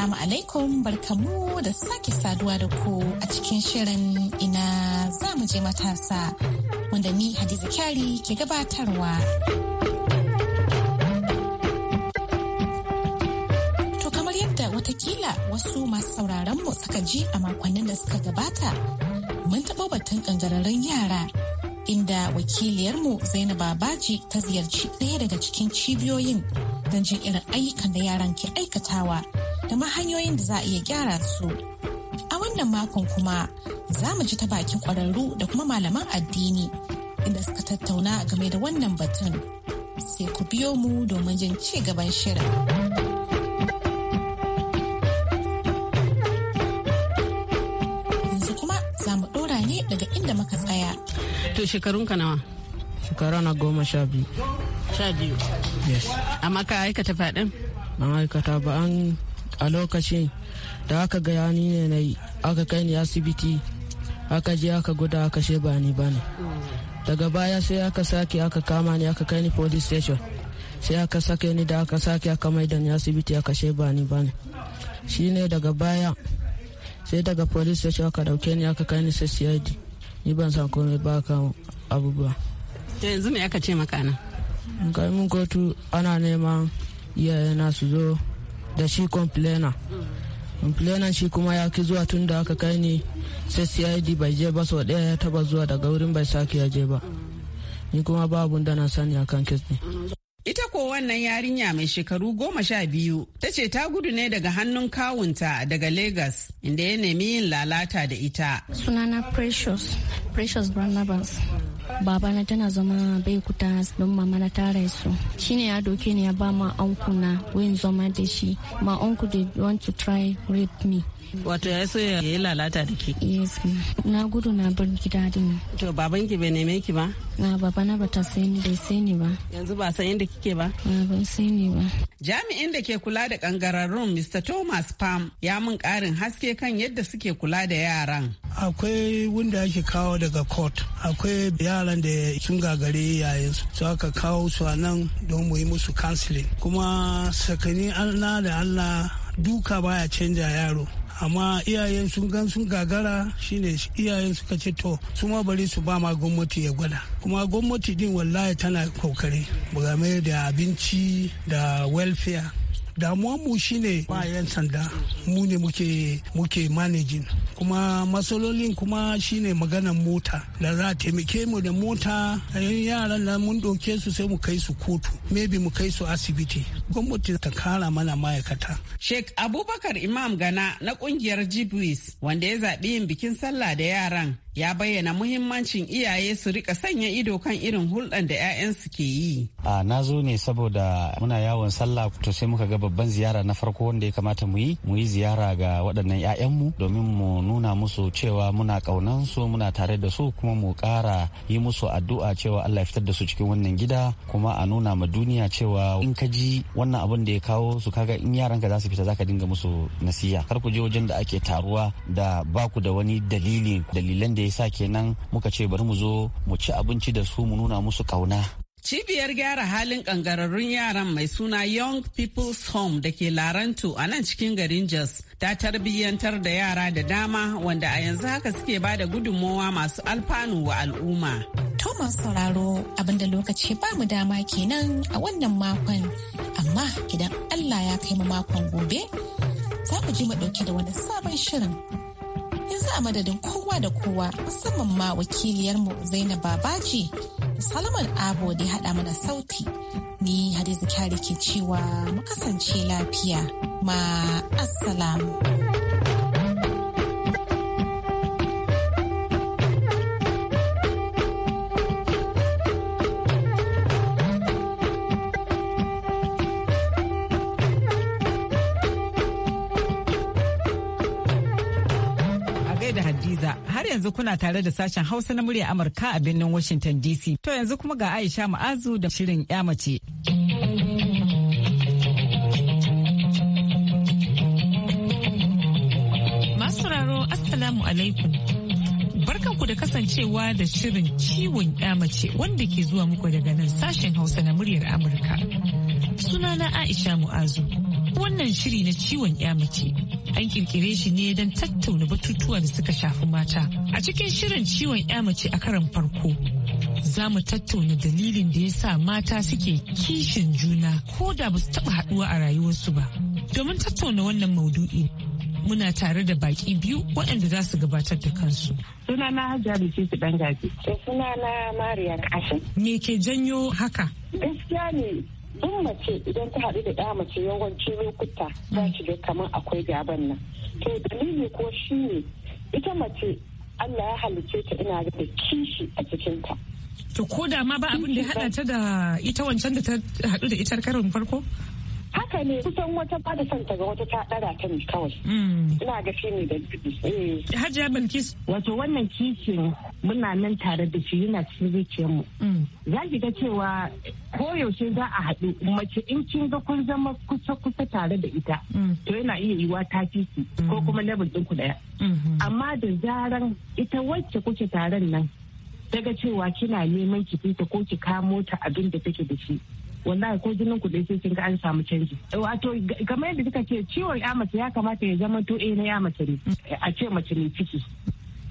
Assalamu alaikum barkamu da sake saduwa da ku a cikin shirin ina za mu je matasa wanda ni Hadiza Kyari ke gabatarwa. To kamar yadda watakila wasu masu sauraron mu suka ji a makonnin da suka gabata mun taɓa batun ƙangararrun yara inda wakiliyarmu Zainab Babaji ta ziyarci ɗaya daga cikin cibiyoyin don jin irin ayyukan da yaran ke aikatawa da ma hanyoyin da za a iya gyara su. A wannan makon kuma za mu ji ta bakin ƙwararru da kuma malaman addini inda suka tattauna game da wannan batun. Sai ku biyo mu domin jin ci gaban shirin. yanzu kuma za mu ɗora ne daga inda muka tsaya. To shekarun ka nawa? Shekara na goma sha biyu. Sha biyu? Yes. Amma ka aikata faɗin? An aikata ba an a lokacin da aka gaya ni ne na yi aka kai ni asibiti aka je aka guda aka she ba ni bane daga baya sai aka sake aka kama ni aka kai ni police station sai aka sake ni da aka sake aka mai da ni asibiti aka she ba ni bane shine daga baya sai daga police station aka dauke ni aka kai ni CID ni ban san komai ba kan abubuwa to yanzu me aka ce maka nan kai mun kotu ana neman iyayena su zo da shi complainer complainer shi kuma ya ki zuwa tun da aka kai ni sai cid bai je ba sau daya ya taba zuwa daga wurin bai sake ya je ba ni kuma babu da na sani akan kes ne Ita ko wannan yarinya mai shekaru goma sha biyu ta ce ta gudu ne daga hannun kawunta daga lagos inda ya nemi yin lalata da ita. Sunana Precious, Precious Barnabas. babana tana zama bai kuta don mama na tara su shine ya doke ni ya ba ma anku na wayin zama da shi ma da dey want to try rape me wato ya so ya yi lalata da ke yes na gudu na bar gida din to baban ki bai neme ki ba na baba na bata sani bai sani ba yanzu ba san inda kike ba na ban sani ba jami'in da ke kula da kangararrun mr thomas pam ya mun karin haske kan yadda suke kula da yaran akwai wanda ake kawo daga court akwai yaran da sun gagare yayin su aka kawo su a nan don mu yi musu counseling kuma sakani allah da allah duka baya canja yaro amma iyayen sun gan sun gagara shine iyayen suka ce to su ma bari su ba ma gwamnati ya gwada kuma gwamnati din wallahi tana kokari game da abinci da welfare damuwanmu shine ba yan sanda mu ne muke muke managing kuma masalolin kuma shine maganan mota da za a taimake mu da mota yaran nan mun ɗauke su sai mu kai su kotu maybe mu kai su asibiti gwamnati ta kara mana ma'aikata. Sheikh Abubakar Imam Gana na kungiyar jibris wanda ya zaɓi yin bikin sallah da yaran ya bayyana muhimmancin iyaye su rika sanya ido kan irin hulɗan da 'ya'yansu ke yi. A na zo ne saboda muna yawon sallah to sai muka ga babban ziyara na farko wanda ya kamata mu yi mu yi ziyara ga waɗannan 'ya'yanmu domin mu nuna musu cewa muna ƙaunan su muna tare da su kuma mu ƙara yi musu addu'a cewa Allah ya fitar da su cikin wannan gida kuma a nuna ma duniya cewa in ka ji wannan abin da ya kawo su kaga in yaranka za su fita zaka dinga musu nasiya kar ku je wajen da ake taruwa da baku da wani dalili dalilan da ya sa kenan muka ce bari mu zo mu ci abinci da su mu nuna musu kauna Cibiyar gyara halin kangararrun yaran mai suna Young People's Home da ke Larantu a nan cikin garin Jos ta tarbiyyantar da yara da dama wanda a yanzu haka suke ba da gudunmowa masu alfanu wa al'umma. Thomas sauraro abinda lokaci ba mu dama kenan a wannan makon amma idan Allah ya kai mu makon gobe za ku ji mu da wani sabon shirin. Yanzu a madadin kowa da kowa musamman ma wakiliyarmu Zainab Babaji Salman abu da ya haɗa mana sauti. Ni Hadiza Kyari ke cewa mu kasance lafiya ma assalamu. da Hadiza. Har yanzu kuna tare da sashen Hausa na murya Amurka a birnin Washington DC. To yanzu kuma ga Aisha Ma'azu da shirin mace. Masuraro Assalamu alaikum. Barkanku da kasancewa da shirin ciwon 'ya mace wanda ke zuwa muku daga nan sashen Hausa na muryar Amurka. Sunana Aisha Mu'azu. Wannan shiri na ciwon 'ya mace an kirkire shi ne don tattauna batutuwa da suka shafi mata. A cikin shirin ciwon ya mace a karan farko, za mu tattauna dalilin da ya sa mata suke kishin juna ko da ba su taɓa haɗuwa a rayuwarsu ba. Domin tattauna wannan maudu'i muna tare da baƙi biyu waɗanda za su gabatar da kansu. Sunana Hajjabi Sisi Suna Sunana Mariya Kashin. Me ke janyo haka? Gaskiya ne duk mace idan ta haɗu da ɗa mace yawancin lokuta za ki ga kamar akwai gaban nan to dalili ko shi ne ita mace Allah ya halicce ta ina da kishi a cikinta. To ko da ma ba abin da ya haɗa ta da ita wancan da ta haɗu da ita karin farko? haka ne kusan wata ba da son ga wata ta dara ta ne kawai hmm. ina ga shi ne da eh. hajiya bilkis wato wannan kishin muna nan tare da shi yana cikin zuciyar mu. Hmm. za ki ga cewa koyaushe za a haɗu mace in kin ga kun zama kusa kusa tare da ita hmm. to yana iya yiwa ta fiki ko kuma level ku ɗaya amma da zaran ita wacce kuke taron nan daga cewa kina neman ki fita ko ki kamo ta abin da take da shi wallahi ko jinin ku dai sai kin ga an samu canji wato kamar yadda kika ce ciwon ya mace ya kamata ya zama to eh na ya mace ne a ce mace ne ciki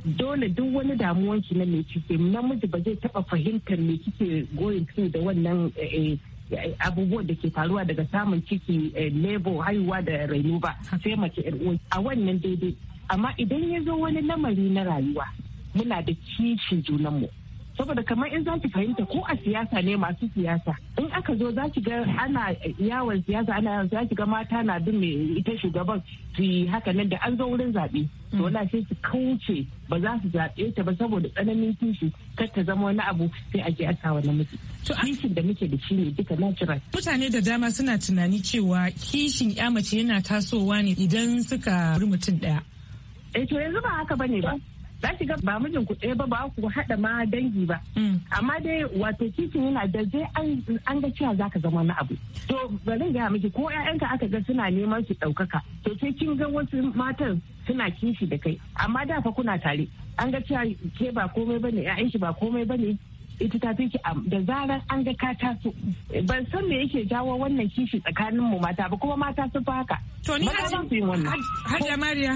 dole duk wani damuwan ki na mai ciki namiji ba zai taɓa fahimtar me kike goyin kai da wannan eh, eh, abubuwan da ke faruwa daga samun ciki eh, lebo haihuwa da rainu ba sai mace yar a wannan daidai amma idan ya zo wani lamari na rayuwa muna da kishin junanmu saboda kamar in zaki fahimta ko a siyasa ne masu siyasa in aka zo zaki ga ana yawon siyasa ana yawon zaki ga mata na bin mai ita shugaban su yi haka nan da an zo wurin zaɓe to na hmm. sai su kauce ba za su zaɓe ta ba saboda tsananin kishi kar ta zama wani abu sai a je a sa wani kishin da muke da shi ne duka natural mutane da dama suna tunani cewa kishin ya mace yana tasowa ne idan suka mutum ɗaya. Eh to yanzu ba haka bane ba. za ki ga ba mijin ku ɗaya ba ba ku haɗa ma dangi ba mm. amma dai wato titin yana da zai an ga cewa za ka zama na abu to bari ga miki ko ƴaƴanka aka ga suna neman su ɗaukaka to sai kin ga wasu matan suna kishi da kai amma da fa kuna tare an ga cewa ke ba komai bane ƴaƴan shi ba komai bane ita ta fi da zarar an ga ka taso ban san me yake jawo wannan kishi tsakanin mu mata ba kuma mata sun fi haka to ni hajja mariya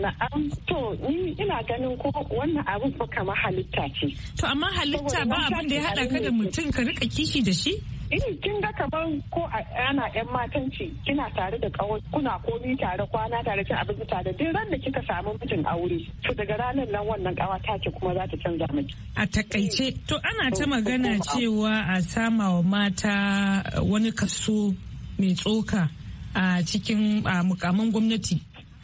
Na'am to ina ganin ko wannan abin fa halitta ce. To amma halitta ba abin da ya haɗa ka da mutum ka rika kishi da shi? in eh, kin ga kamar ko ana yan matanci kina tare da kawai kuna komi tare kwana tare cin abinci tare duk ran da kika samu mijin aure to daga ranar nan wannan kawa ta ce kuma za ta canza miki a takaice to ana ta magana cewa a sama wa mata wani kaso mai tsoka a cikin mukamin gwamnati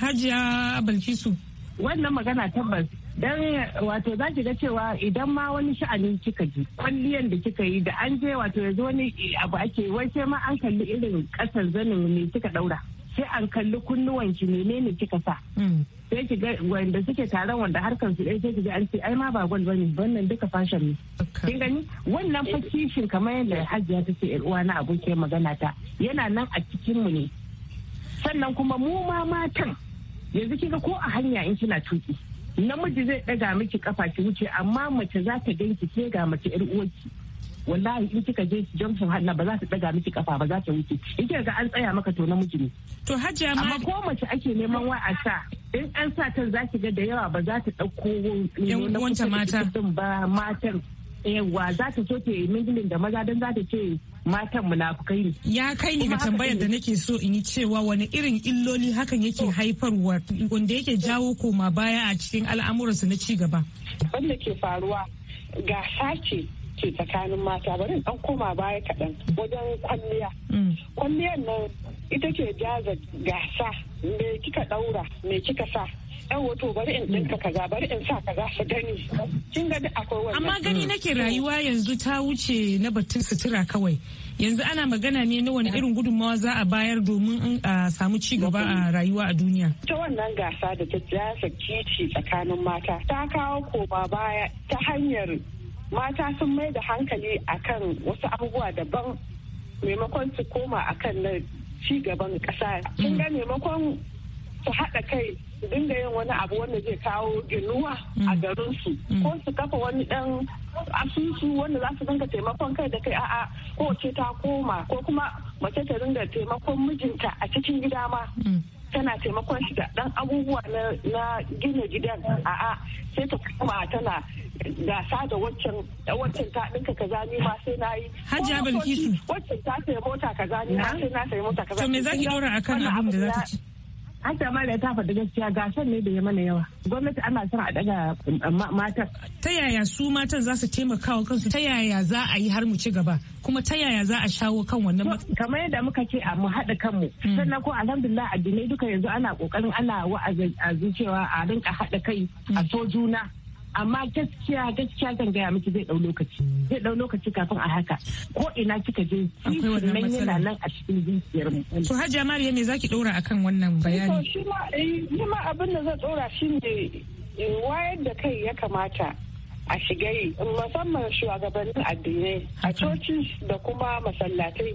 hajiya balkisu wannan magana tabbas dan wato za ki ga cewa idan ma wani sha'ani kika ji kwalliyan da kika yi da an je wato yanzu wani abu ake wai sai ma an kalli irin kasar zanin ne kika daura sai an kalli kunnuwanki menene kika sa hmm. sai ki ga wanda suke taron wanda harkar su ɗaya sai ki ga an ce ai ma ba gwal bane wannan duka fashion ne kin gani wannan fa kishin kamar yadda hajiya ta ce yar uwa na abokiyar magana ta yana nan a cikin mu ne sannan kuma mu ma matan yanzu kika ko a hanya in kina tuki namiji zai daga miki kafa ki wuce amma mace za ta ganki ke ga mace yar uwarki wallahi in kika je junction hanna ba za ta daga miki kafa ba za ta wuce in kika ga an tsaya maka to namiji ne to hajja ma amma ko mace ake neman wa a sa in an sa ta za ki ga da yawa ba za ta dauko wancan mata ba matan yawa za ta so ta mingilin da maza don za ta ce matan munafukai ne. Ya kai ni ga tambayar da nake so in yi cewa wani irin illoli hakan yake haifarwa wanda yake jawo koma baya a cikin al'amuransu na ci gaba. Wanda ke faruwa ga sace ke tsakanin mata bari an koma baya kaɗan wajen kwalliya. Mm. Kwalliyar nan ita ce jaza gasa me kika daura me kika sa yan wato bari in dinka kaza bari in sa kaza su gani kin ga akwai wannan amma gani mm. nake rayuwa yanzu ta wuce na batun sutura kawai yanzu ana magana ne na wani irin gudunmawa za a bayar domin in um, a samu ci gaba a rayuwa a duniya. Ta wannan gasa da ta jasa kici tsakanin mata ta kawo koma baya ta hanyar mata sun mai da hankali akan wasu abubuwa daban maimakon su koma akan na ci gaban ƙasa. Kin ga maimakon su haɗa kai su dinga yin wani abu wanda zai kawo inuwa a mm. garin su. Mm. ko su kafa wani ɗan asusu wanda za su dinga taimakon kai da kai a'a ko ce ta koma ko kuma mace ta dinga taimakon mijinta a cikin gida ma. Mm. tana taimakon shi da dan abubuwa na gina gidan a'a sai ta kuma tana gasa da waccan waccan ta dinka kaza ni ma sai na yi hajiya bilkisu waccan ta sai mota kaza ni ma sai na sai mota kaza to me zaki dora akan abin da za ta ci Hajja Mariya ta faɗi gaskiya gasar ne da ya mana yawa. Gwamnati ana son a daga um, matan. Ta yaya su matan za su taimaka wa kansu? Ta yaya za a yi har mu ci gaba? Kuma ta yaya za a shawo kan wannan Kamar yadda muka ce a mu haɗa kanmu. Hmm. Sannan ko alhamdulillah addinai duka yanzu ana ƙoƙarin ana wa'azi cewa a rinka haɗa kai a so juna. amma gaskiya gaskiya zan gaya miki zai dau lokaci zai dau lokaci kafin a haka ko ina kika je ciwon nan yana nan a cikin zuciyar mu to hajiya mariya me zaki dora akan wannan eh, bayani to shi ma shi eh, ma abin da zan shi shine eh, wayar da kai ya kamata a shigai musamman shugabannin addinai a coci da kuma masallatai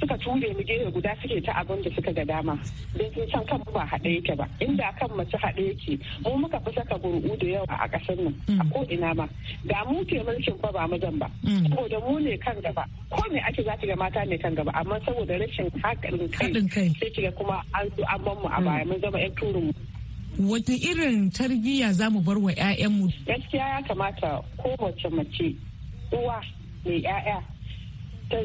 suka ture mu gefe guda suke ta abin da suka ga dama don sun san kan ba haɗe yake ba inda kan mace haɗe yake mu muka fi saka gurgu da yawa a ƙasar nan a mm. ko ina ma da mu ke mulkin ba ba mazan mm. ba saboda mu ne kan gaba ko me ake za ga mata ne kan gaba amma saboda rashin haƙarin kai sai ga kuma an zo an mu a baya mm. mun zama 'yan turin mu wata irin tarbiyya za mu bar wa 'ya'yanmu? gaskiya ya kamata kowace mace uwa mai 'ya'ya ta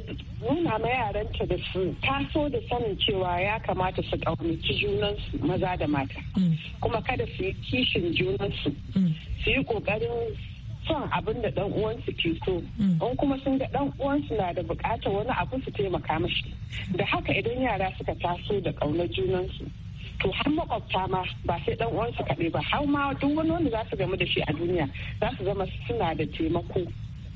nuna ma yaranta da su taso da sanin cewa ya kamata su ƙaunaci junansu maza da mata mm. kuma kada su yi kishin junansu mm. su yi ƙoƙarin son abin da ɗan uwansu ke so mm. in kuma sun ga ɗan uwansu na da buƙatar wani abu su taimaka mashi da haka idan yara suka taso da ƙaunar junansu to har makwabta ma ba sai ɗan uwansu kaɗai ba har ma duk wani wanda za su gamu da shi a duniya za su zama suna da taimako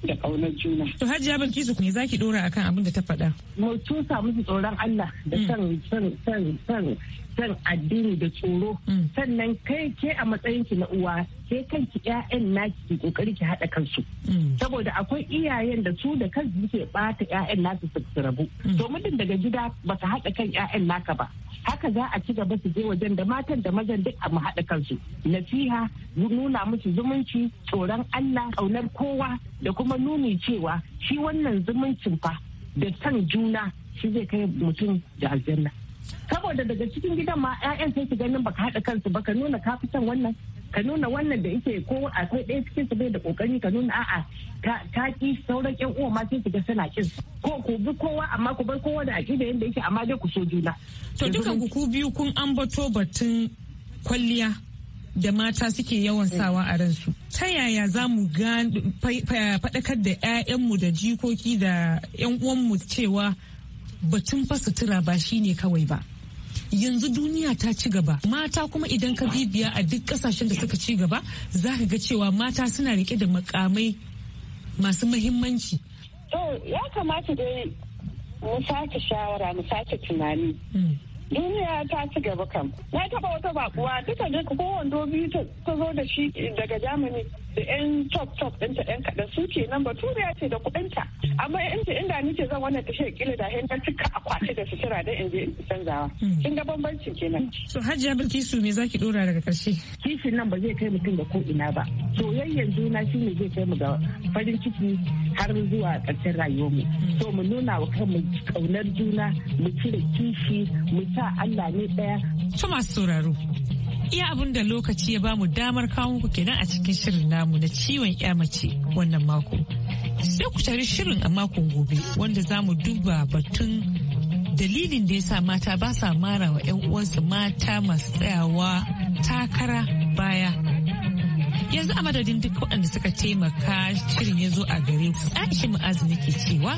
da ƙaunar juna. To Hajiya Bilkisu me zaki ki ɗora akan abin da ta faɗa? Mu tusa musu tsoron Allah da hmm. san san san san san addini da tsoro mm. sannan kai ke a matsayin ki na uwa sai ki ƴaƴan naki ki kokari ki haɗa kansu mm. saboda akwai iyayen da su da kansu suke bata ƴaƴan nasu su rabu mm. to mutum daga gida ba baka haɗa kan ƴaƴan naka ba haka za a ci gaba su je wajen da matan da mazan duk a haɗa kansu nasiha nuna musu zumunci tsoron Allah ƙaunar kowa da kuma nuni cewa shi wannan zumuncin fa da san juna shi zai kai mutum da aljanna saboda daga cikin gidan ma 'ya'yan sai su ganin baka haɗa kansu ba ka nuna ka fi wannan ka nuna wannan da yake ko akwai ɗaya cikin su bai da kokari ka nuna a'a ta ki sauran ƴan uwa ma sai su ga suna kin ko ku bi kowa amma ku bar kowa da aƙida yanda yake amma dai ku so juna to dukan ku biyu kun bato batun kwalliya da mata suke yawan eh. sawa a ransu ta yaya za mu faɗakar da 'ya'yanmu da jikoki da 'yan uwanmu cewa batun fa sutura ba shine kawai ba yanzu duniya ta ci gaba mata kuma idan ka bibiya a duk kasashen da suka ci gaba za ka ga cewa mata suna rike da makamai masu mahimmanci to ya kamata dai mu sake shawara mu sake tunani hmm. duniya ta ci gaba kam na taba wata bakuwa duka duka kowanne biyu ta zo da shi daga jamani da yan top top ɗinta yan kaɗan su ke nan baturiya ce da kuɗinta amma yan ce inda ni ce zan wannan tashar kila da hanyar cika akwati da sutura da in je in canzawa hmm. kin ga bambancin kenan. so hajiya bilkisu me zaki dora daga karshe. kishin nan ba zai kai mutum da ko ina ba soyayyen juna ne zai kai mu ga farin ciki har zuwa ƙarshen rayuwarmu hmm. so mu nuna wa kanmu ƙaunar juna mu cire kishi mu sa Allah ne ɗaya. to masu sauraro Iya abin da lokaci ya bamu damar kawo muku kenan a cikin shirin namu na ciwon ya mace wannan mako. Sai ku tari shirin a makon gobe wanda za mu duba batun dalilin da ya sa mata ba sa mara wa 'yan uwansu mata masu tsayawa takara baya. Yanzu a madadin duk waɗanda suka taimaka shirin ya zo a gare ku mu Mu'azu ke cewa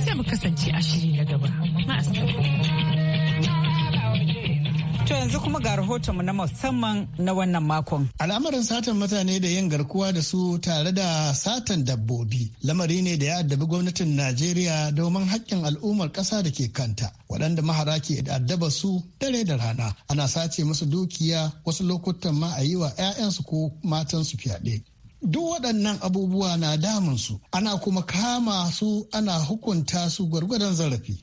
sai mu kasance a shiri na gaba. Ma'asar. To yanzu kuma ga rahotonmu na musamman na wannan makon. Al'amarin satan mutane da yin garkuwa da su tare da satan dabbobi lamari ne da ya addabi gwamnatin Najeriya domin haƙƙin al'ummar ƙasa da ke kanta waɗanda mahara ke addaba su dare da rana ana sace musu dukiya wasu lokutan ma a yi wa 'ya'yansu ko matansu fyaɗe. Duk waɗannan abubuwa na damunsu ana kuma kama su ana hukunta su gwargwadon zarafi.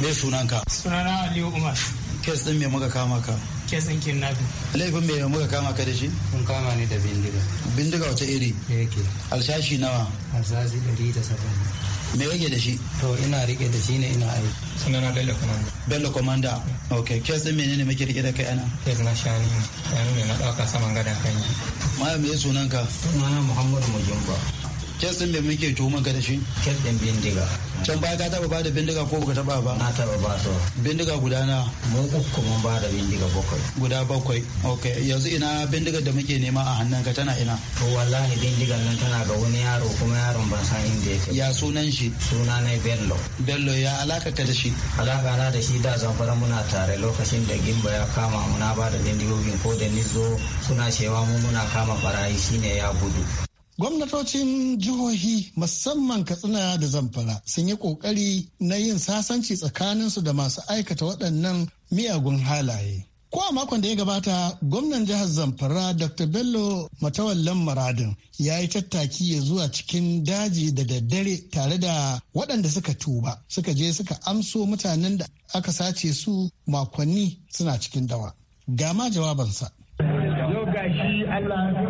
Me sunanka? Sunana Aliyu Umar. Kes din me muka kama ka? Kes din kidnapping. Laifin me muka kama ka da shi? Mun kama ne da bindiga. Bindiga wata iri? Yake. Alshashi nawa? Alshashi ɗari da saba'in. Me yake da shi? To ina rike da shi ne ina aiki. Sunana Bello Commander. Bello Commander. Ok. Kes din menene muke rike da kai ana? Kes na shani. Shani ne na ɗauka saman gadon kan yi. me sunanka? Sunana Muhammadu Mujumba. kes din da muke tuhuma ka da shi kes din bindiga can baya ka taba bada bindiga ko ka taba ba na taba ba so bindiga guda na mun uku mun bada bindiga bakwai guda bakwai okay yanzu ina bindiga da muke nema a hannun ka tana ina to wallahi bindiga nan tana ga wani yaro kuma yaron ban san inda yake ya sunan shi suna ne bello bello ya alaka ka da shi alaka na da shi da zamfara muna tare lokacin da gimba ya kama muna bada bindigogin ko da nizo suna cewa mu muna kama barayi shine ya gudu Gwamnatocin jihohi musamman Katsina da Zamfara sun yi ƙoƙari na yin sasanci tsakaninsu da masu aikata waɗannan miyagun halaye. Ko a makon da ya gabata, gwamnan jihar Zamfara Dr. Bello Matawallan Maradin ya yi tattaki ya zuwa cikin daji da daddare tare da waɗanda suka tuba, suka je suka amso mutanen da aka sace su makonni suna cikin dawa. Gama jawabansa. Yau gashi Allah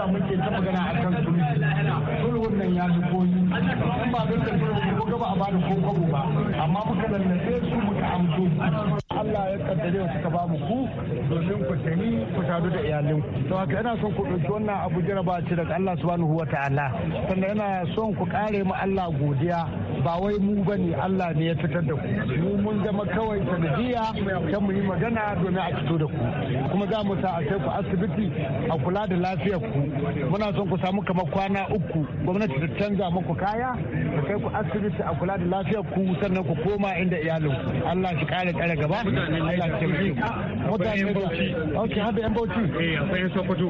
da muke ta magana a kan sulhu sulhun nan ya fi koyi in ba don da ba ko a bada ko kwabo ba amma muka lallace su muka amso Allah ya kaddare wa ka ba mu ku domin ku sani ku sadu da iyalin to haka ina son ku dauki wannan abu jaraba ce daga Allah subhanahu wa ta'ala sannan ina son ku kare mu Allah godiya ba wai mu bane Allah ne ya fitar da ku mu mun zama kawai sanadiya kan mu yi magana domin a fito da ku kuma za mu sa a kai ku asibiti a kula da lafiyar ku muna son ku samu kamar kwana uku gwamnati ta canza muku kaya ku kai ku asibiti a kula da lafiyar ku sannan ku koma inda iyalin Allah shi kare kare gaba mutanen mutanen bauchi ok har da yan bauchi eh akwai yan sokoto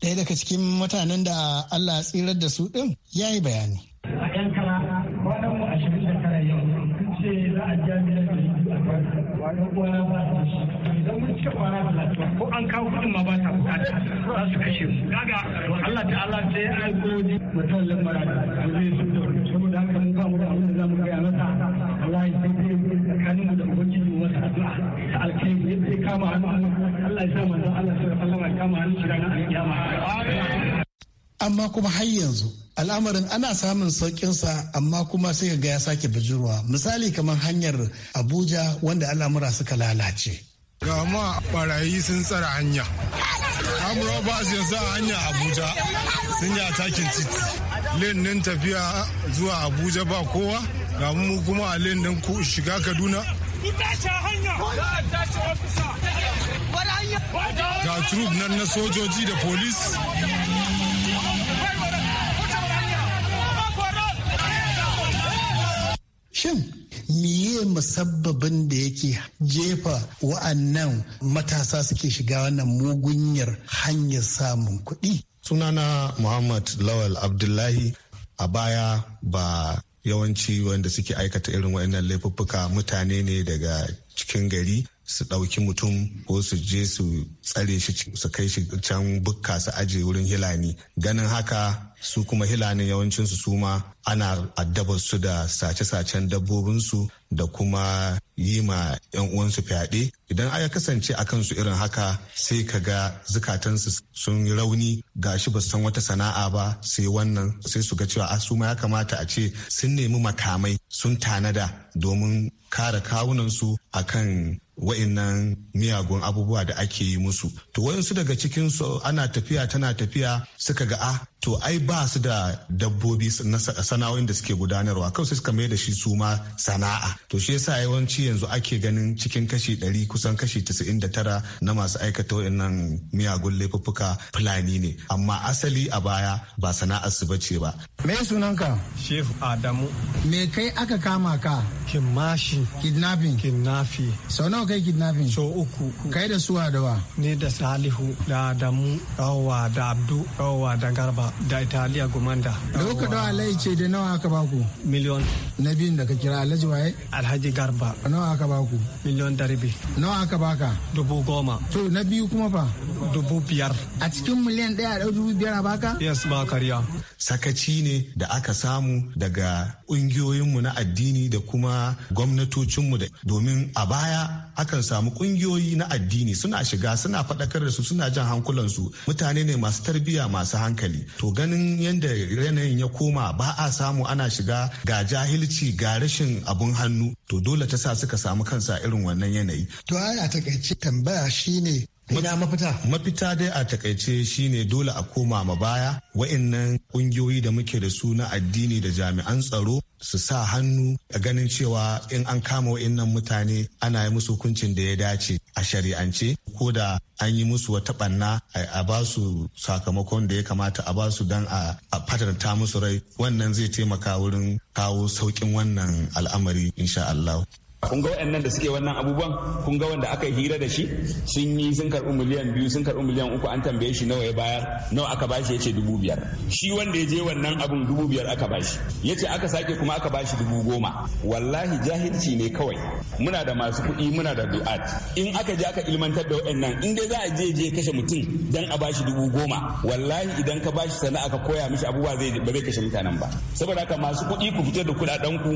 ɗaya daga cikin mutanen da Allah tsirar da su ɗin ya yi bayani. A ‘yan kara, kwanan mu ashirin da kara yau, sun ce za a biya miliyan da yi a kwana, wani kwana ba su shi. Idan mun cika kwana talatin, ko an kawo kuɗin ma ba ta bukata, za su kashe mu. Kaga Allah ta Allah ta yi aiko ni mutum lamara da zai su da wani. Saboda haka mun ba mu da abin da za mu gaya masa, Allah ya sai mu da Ubangiji. masa addu'a amma kuma har yanzu al'amarin ana samun saukin sa amma kuma sai ga ya sake bijirwa misali kamar hanyar abuja wanda al'amura suka lalace ga ma barayi sun tsara hanya amurwa ba su yanzu a hanya abuja sun yi atakin titi lennin tafiya zuwa abuja ba kowa ga mu kuma a lennin shiga kaduna Ku tashi hanya! tashi ofisa! Ga trup nan na sojoji da polis. Shin miye musabbabin da yake jefa wa'annan matasa suke shiga wannan mugunyar hanyar samun kuɗi? Sunana Muhammad Lawal Abdullahi a baya ba yawanci wanda suke aikata irin waɗannan laifuffuka mutane ne daga cikin gari su ɗauki mutum ko su je su tsare shi su kai shi can bukka su aje wurin hilani ganin haka su kuma hilanin yawancinsu su ma ana addabar su da sace-sacen dabbobinsu da kuma yi ma 'yan uwansu fyaɗe idan aya kasance a kansu irin haka sai ka ga zukatansu sun yi rauni ga shi ba san wata sana'a ba sai wannan sai su ga cewa a ah, su ma ya kamata a ce sun nemi makamai sun tanada domin kare kawunansu kan wa'annan miyagun abubuwa da ake yi musu to wayansu daga cikinsu ana tafiya tana tafiya suka ga a ah, to ai ba su da dabbobi sana'o'in da suke gudanarwa kawai suka mai da shi su ma sana'a to shi yasa yawanci yanzu ake ganin cikin kashi ɗari kusan kashi casa'in da tara na masu aikata waɗannan miyagun laifuffuka fulani ne amma asali a baya ba sana'ar su bace ba me sunanka shehu adamu me kai aka kama ka kimashi kidnapping kidnapping sau nawa kai kidnapping sau uku kai da suwa da wa ne da salihu da adamu da abdu dawowa da garba da italiya gomanda da kuka dawa alayi ce da nawa aka baku miliyon na biyun da ka kira alhaji waye alhaji garba nawa aka baku miliyon daribi nawa aka baka dubu goma to na biyu kuma fa dubu biyar a cikin miliyan daya da dubu biyar a baka yes ba kariya sakaci ne da aka samu daga ƙungiyoyinmu na addini da kuma gwamnatocinmu da domin a baya akan samu ƙungiyoyi na addini suna shiga suna faɗakar da su suna jan hankulansu mutane ne masu tarbiyya masu hankali to to ganin yadda yanayin ya koma ba a samu ana shiga ga jahilci ga rashin abun hannu to dole ta sa suka samu kansa irin wannan yanayi to a takaice tambaya shine Ina mafita? Mafita dai a takaice shine dole a koma ma baya wa'annan ƙungiyoyi da muke da su na addini da jami'an tsaro su sa hannu a ganin cewa in an kama wa'annan mutane ana yi musu hukuncin da ya dace a shari'ance ko da an yi musu wata banna a ba su sakamakon da ya kamata a ba su don a fatarta musu rai wannan zai taimaka wurin kawo saukin wannan al'amari insha Allah. kun ga waɗannan da suke wannan abubuwan kun ga wanda aka hira da shi sun yi sun karɓi miliyan biyu sun karɓi miliyan uku an tambaye shi nawa ya bayar nawa aka bashi ya ce dubu biyar shi wanda ya je wannan abun dubu biyar aka bashi ya ce aka sake kuma aka bashi dubu goma wallahi jahilci ne kawai muna da masu kuɗi muna da du'at in aka je aka ilmantar da waɗannan in dai za a je je kashe mutum dan a bashi dubu goma wallahi idan ka bashi sana aka koya mishi abubuwa zai ba zai kashe mutanen ba saboda haka masu kuɗi ku fitar da kuɗaɗen ku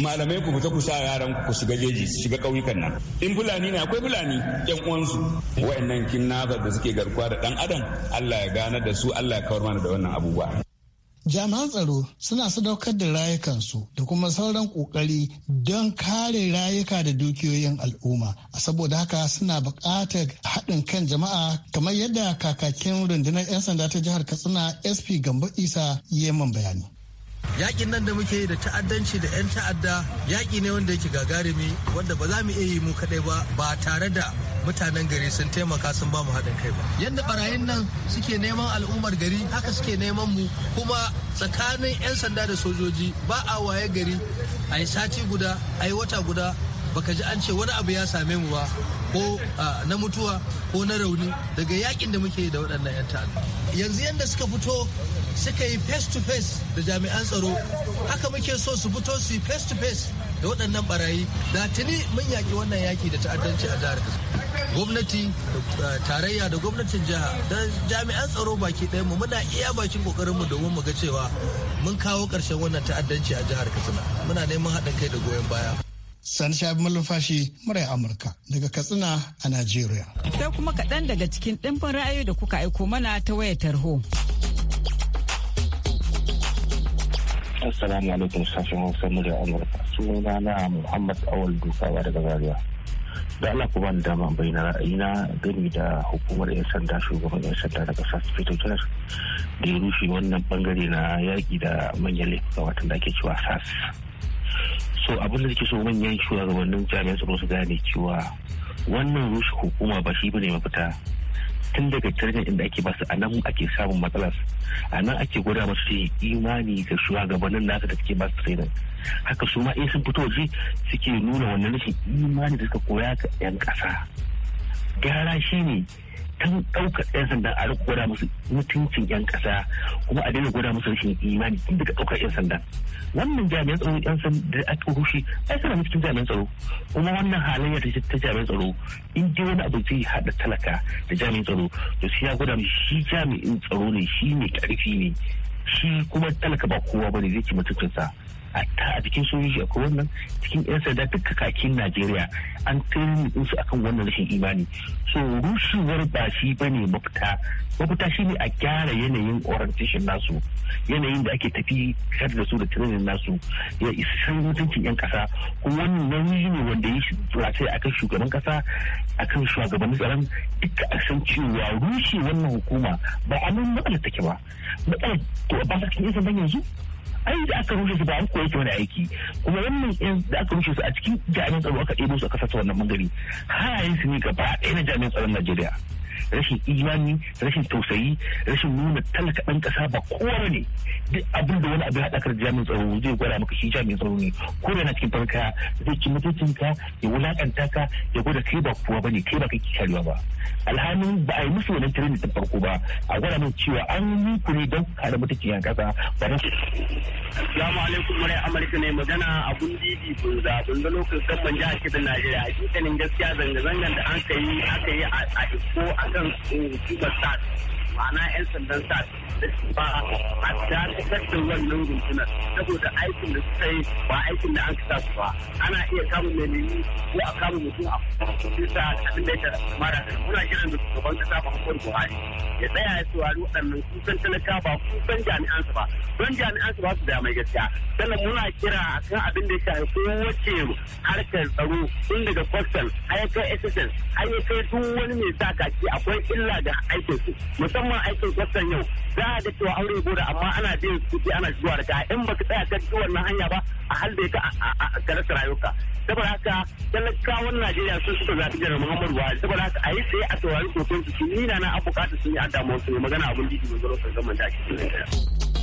malamai ku fita ku sa yaran ku shiga shiga jeji su shiga ƙauyukan nan in fulani ne akwai fulani yan uwansu wayannan kinnazar da suke garkuwa da dan adam Allah ya gana da su Allah ya kawar mana da wannan abubuwa jami'an tsaro suna sadaukar da rayukansu da kuma sauran kokari don kare rayuka da dukiyoyin al'umma a saboda haka suna buƙatar haɗin kan jama'a kamar yadda kakakin rundunar 'yan sanda ta jihar katsina sp gambo isa yeman bayani yaƙin nan da muke yi da ta'addanci da 'yan ta'adda yaƙi ne wanda yake gagarumi wanda ba za mu iya yi mu kadai ba ba tare da mutanen gari sun taimaka sun ba mu haɗin kai ba yadda barayin nan suke neman al'ummar gari haka suke neman mu kuma tsakanin 'yan sanda da sojoji ba a waye gari a yi sati guda a yi wata guda baka ji an ce wani abu ya same mu ba ko na mutuwa ko na rauni daga yakin da muke da waɗannan 'yan ta'adda yanzu yadda suka fito suka yi face to face da jami'an tsaro haka muke so su fito su yi face to face da waɗannan barayi da tuni mun yaƙi wannan yaƙi da ta'addanci a jihar gwamnati tarayya da gwamnatin jiha da jami'an tsaro baki ɗaya mu muna iya bakin kokarin mu domin mu ga cewa mun kawo ƙarshen wannan ta'addanci a jihar katsina muna neman haɗin kai da goyon baya Sani shafi Malumfashi murai Amurka daga Katsina a Najeriya. Sai kuma kaɗan daga cikin ɗimbin ra'ayoyi da kuka aiko mana ta wayar tarho. Assalamu alaikum sashen Hausa a Amurka. Suna na Muhammad Awal Dukawa daga Zaria. Da Allah kuma bani dama bai na ra'ayina gani da hukumar 'yan sanda shugaban 'yan sanda daga ƙasa fito Janar da ya rushe wannan bangare na yaƙi da manyan laifuka watan da ake cewa SAS. so abin da suke so manyan shugabannin jami'an tsaro su gane cewa wannan rushe hukuma ba shi bane mafita tun daga tarihin inda ake basu a nan ake samun matsalas a nan ake gwada masu imani ga shugabannin nasa da suke basu training haka su ma in sun fito waje suke nuna wannan rashin imani da suka koya ga 'yan ƙasa gyara shi ne tun ɗaukar 'yan sanda a rika gwada musu mutuncin 'yan ƙasa kuma a daina gwada musu rashin imani tun daga ɗaukar 'yan sanda wannan jami'an tsaro 'yan sanda da aka rushe ai suna cikin jami'an tsaro kuma wannan halayya ta jami'an tsaro in dai wani abu zai haɗa talaka da jami'an tsaro to sai ya gwada shi jami'in tsaro ne shi ne ƙarfi ne shi kuma talaka ba kowa bane zai ci mutuncinsa a cikin sojoji akwai wannan cikin yan sanda duka kakin najeriya an tarihi su akan wannan rashin imani so rushewar ba shi ba ne mafita mafita shi ne a gyara yanayin orientation nasu yanayin da ake tafi kar da su da training nasu ya isa mutuncin yan kasa Ko wannan nauyi ne wanda ya rataya akan shugaban kasa akan shugaban tsaron duka a san cewa rushe wannan hukuma ba a nan matsalar take ba matsalar ko ba sa cikin yan yanzu ai da aka rushe su ba an koyi wani aiki kuma wannan in da aka rushe su a cikin jami'an tsaro aka ɗebo su aka sassa wannan bangare halayen su ne gaba ɗaya na jami'an tsaron Najeriya rashin imani rashin tausayi rashin nuna talaka ɗan ƙasa ba kowa ne duk abin da wani abin haɗakar jami'in tsaro zai gwada maka shi jami'in tsaro ne ko da na cikin farka zai ci mutuncinka ya wulaƙanta ka ya gwada kai ba kowa ba ne kai ba kai karewa ba alhamin ba a yi musu wannan tirin ta farko ba a gwada min cewa an yi ku ne don kare mutuncin yan ƙasa ba don. Salamu alaikum murai Amurka ne magana a Bundidi Bunza Bunza lokacin gamban jihar Kebbi Najeriya a gaskiya zanga-zangan da an ka yi aka yi a Iko a kan wenye sasa ma'ana 'yan sandan sa ba a dakatar da wannan rundunar saboda aikin da suka yi ba aikin da an kasa su ba ana iya kama mai nemi ko a kama mutum a kusa abin da mara da muna kiran da shugaban kasa Muhammadu Buhari ya tsaya ya saurari waɗannan kusan talaka ba kusan su ba don jami'ansa ba su da mai gaskiya sannan muna kira a kan abin da ya shafi wace harkar tsaro tun daga kwastal har ya kai har ya kai duk wani mai sa kaki akwai illa ga aikinsu musamman musamman aikin kwastan yau za a da cewa aure gode amma ana biyan kuɗi ana zuwa da ka in baka tsaya ka ji wannan hanya ba a halbe ka a rasa rayuka saboda haka talakawan Najeriya sun suka zaɓi jiran Muhammadu Buhari saboda haka a yi tsaye a saurari kokon su nina na abuƙatar sun yi adamu su magana abin didi mai zaro sun zama da ake